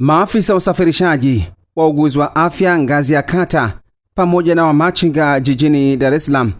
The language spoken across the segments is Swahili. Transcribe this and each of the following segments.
Maafisa wa usafirishaji, wauguzi wa afya ngazi ya kata, pamoja na wamachinga jijini Dar es Salaam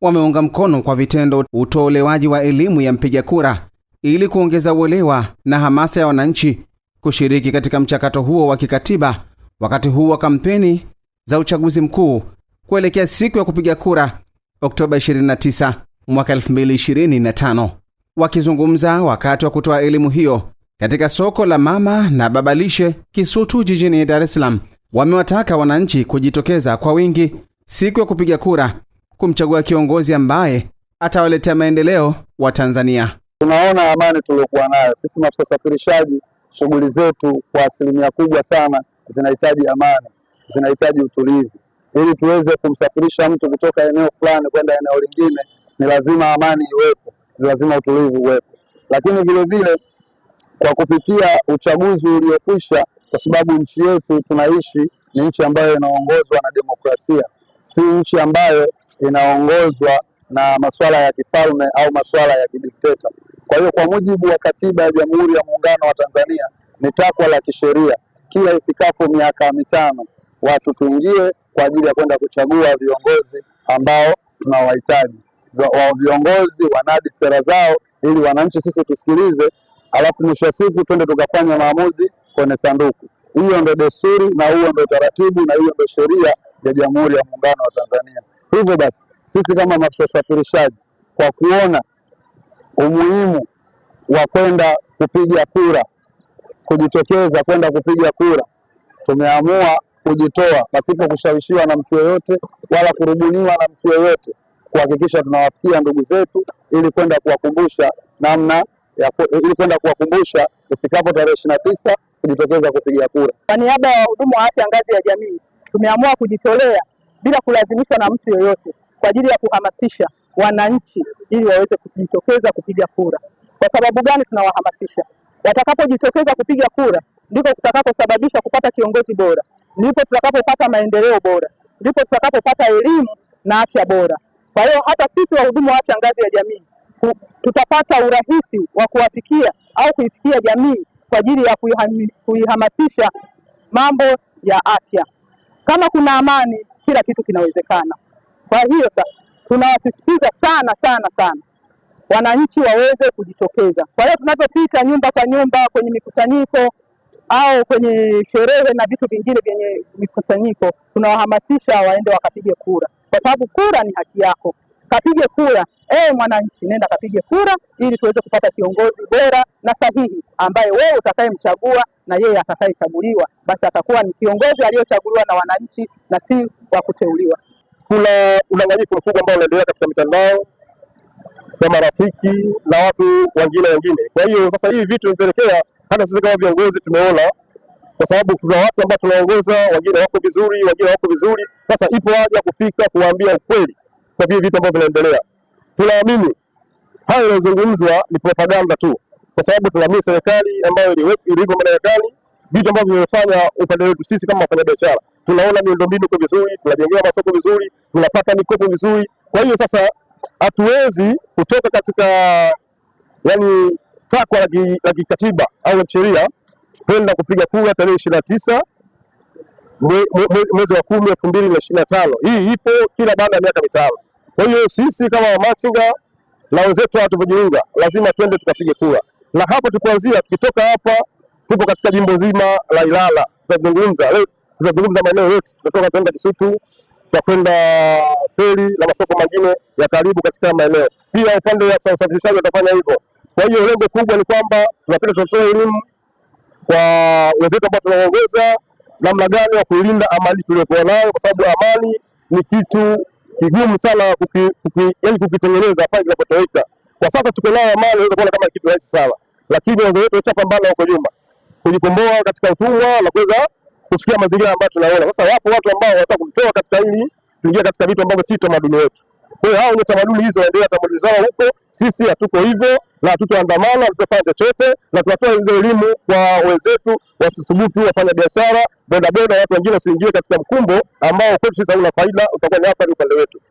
wameunga mkono kwa vitendo utolewaji wa elimu ya mpiga kura ili kuongeza uelewa na hamasa ya wananchi kushiriki katika mchakato huo wa kikatiba wakati huu wa kampeni za uchaguzi mkuu kuelekea siku ya kupiga kura Oktoba 29 mwaka 2025. Wakizungumza wakati wa kutoa elimu hiyo, katika soko la mama na baba lishe Kisutu jijini Dar es Salaam wamewataka wananchi kujitokeza kwa wingi siku ya kupiga kura kumchagua kiongozi ambaye atawaletea maendeleo wa Tanzania. Tunaona amani tuliokuwa nayo sisi maafisa usafirishaji, shughuli zetu kwa asilimia kubwa sana zinahitaji amani, zinahitaji utulivu. Ili tuweze kumsafirisha mtu kutoka eneo fulani kwenda eneo lingine, ni lazima amani iwepo, ni lazima utulivu uwepo, lakini vilevile kwa kupitia uchaguzi uliokwisha, kwa sababu nchi yetu tunaishi ni nchi ambayo inaongozwa na demokrasia, si nchi ambayo inaongozwa na masuala ya kifalme au masuala ya kidikteta. Kwa hiyo, kwa mujibu wa katiba ya Jamhuri ya Muungano wa Tanzania, ni takwa la kisheria kila ifikapo miaka mitano watu tuingie kwa ajili ya kwenda kuchagua viongozi ambao tunawahitaji, viongozi wanadi sera zao, ili wananchi sisi tusikilize alafu mwisho wa siku twende tukafanya maamuzi kwenye sanduku. Hiyo ndio desturi na huo ndio taratibu na hiyo ndio sheria ya Jamhuri ya Muungano wa Tanzania. Hivyo basi sisi kama maafisa usafirishaji kwa kuona umuhimu wa kwenda kupiga kura, kujitokeza kwenda kupiga kura, tumeamua kujitoa pasipo kushawishiwa na mtu yoyote wala kurubuniwa na mtu yoyote, kuhakikisha tunawafikia ndugu zetu ili kwenda kuwakumbusha namna ili kwenda kuwakumbusha ifikapo tarehe ishirini na tisa kujitokeza kupiga kura. Kwa niaba ya wahudumu wa afya ngazi ya jamii, tumeamua kujitolea bila kulazimishwa na mtu yoyote kwa ajili ya kuhamasisha wananchi ili waweze kujitokeza kupiga kura. Kwa sababu gani tunawahamasisha? Watakapojitokeza kupiga kura ndipo tutakaposababisha kupata kiongozi bora, ndipo tutakapopata maendeleo bora, ndipo tutakapopata elimu na afya bora. Kwa hiyo hata sisi wahudumu wa afya ngazi ya jamii tutapata urahisi wa kuwafikia au kuifikia jamii kwa ajili ya kuihamasisha mambo ya afya. Kama kuna amani, kila kitu kinawezekana. Kwa hiyo sasa tunawasisitiza sana sana sana wananchi waweze kujitokeza. Kwa hiyo tunapopita nyumba kwa nyumba kwenye mikusanyiko au kwenye sherehe na vitu vingine vyenye mikusanyiko, tunawahamasisha waende wakapige kura, kwa sababu kura ni haki yako kapige kura. Ee mwananchi, nenda kapige kura ili tuweze kupata kiongozi bora na sahihi, ambaye wewe utakayemchagua na yeye atakayechaguliwa, basi atakuwa ni kiongozi aliyochaguliwa na wananchi na si wa kuteuliwa. Kuna udanganyifu mkubwa ambao unaendelea katika mitandao na marafiki na watu wengine wengine. Kwa hiyo sasa hivi vitu vimepelekea hata sisi kama viongozi tumeona kwa sababu tuna watu ambao tunaongoza, wengine wako vizuri, wengine wako vizuri. Sasa ipo haja kufika kuwaambia ukweli kwa vile vitu ambavyo vinaendelea. Tunaamini hayo yanayozungumzwa ni propaganda tu, kwa sababu tunaamini serikali ambayo ilivyo gani, vitu ambavyo vimefanya upande wetu sisi kama wafanyabiashara, tunaona miundombinu iko vizuri, tunajengewa masoko vizuri, tunapata mikopo vizuri. Kwa hiyo sasa hatuwezi kutoka katika yani takwa la kikatiba au sheria kwenda kupiga kura tarehe ishirini na tisa mwezi wa kumi elfu mbili na ishirini na tano. Hii ipo kila baada ya miaka mitano. Kwa hiyo sisi kama wamachinga na wenzetu hatukujiunga, lazima twende tukapige kura, na hapo tukuanzia. Tukitoka hapa, tupo katika jimbo zima la Ilala, tutazungumza leo, tutazungumza maeneo yote, tutatoka tuenda Kisutu, tutakwenda Feri na masoko mengine ya karibu katika maeneo pia. Upande wa usafirishaji watafanya hivyo. Kwa hiyo lengo kubwa ni kwamba tunapenda tutoe elimu kwa wenzetu ambao tunaongoza namna gani ya kuilinda amani tuliyokuwa nayo, kwa sababu amani ni kitu kigumu sana kuki, kuki, yani kukitengeneza pale kinapotoweka. Kwa sasa tuko nayo amani, inaweza kuona kama kitu rahisi sana, lakini wazee wetu washapambana huko nyuma kujikomboa katika utumwa na kuweza kufikia mazingira ambayo tunaona sasa. Wapo watu ambao wanataka kutoa katika hili, tuingia katika vitu ambavyo si tamaduni wetu. Kwa hiyo hao ndio tamaduni hizo waendelea tamaduni zao huko, sisi hatuko hivyo na hatutoandamana, hatutofanya chochote, na tunatoa hizo elimu kwa wenzetu, wasisubutu wafanya biashara, bodaboda, watu wengine wasiingie katika mkumbo ambao kwetu sisi hauna faida, utakuwa ni athari upande wetu.